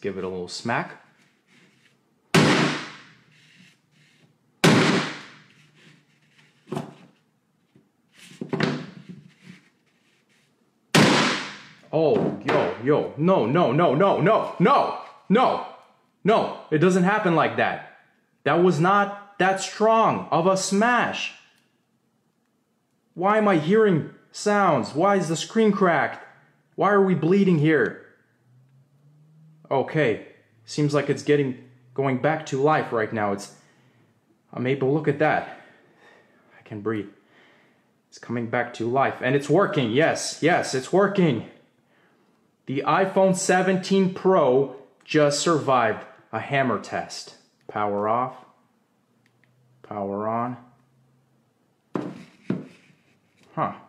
give it a little smack. Oh, yo, yo, no, no, no, no, no, no, no, no, it doesn't happen like that. That was not that strong of a smash. Why am I hearing sounds? Why is the screen cracked? Why are we bleeding here? Okay, seems like it's getting going back to life right now. It's I'm able look at that. I can breathe. It's coming back to life and it's working. Yes, yes, it's working. The iPhone 17 Pro just survived a hammer test. Power off. Power on. Huh.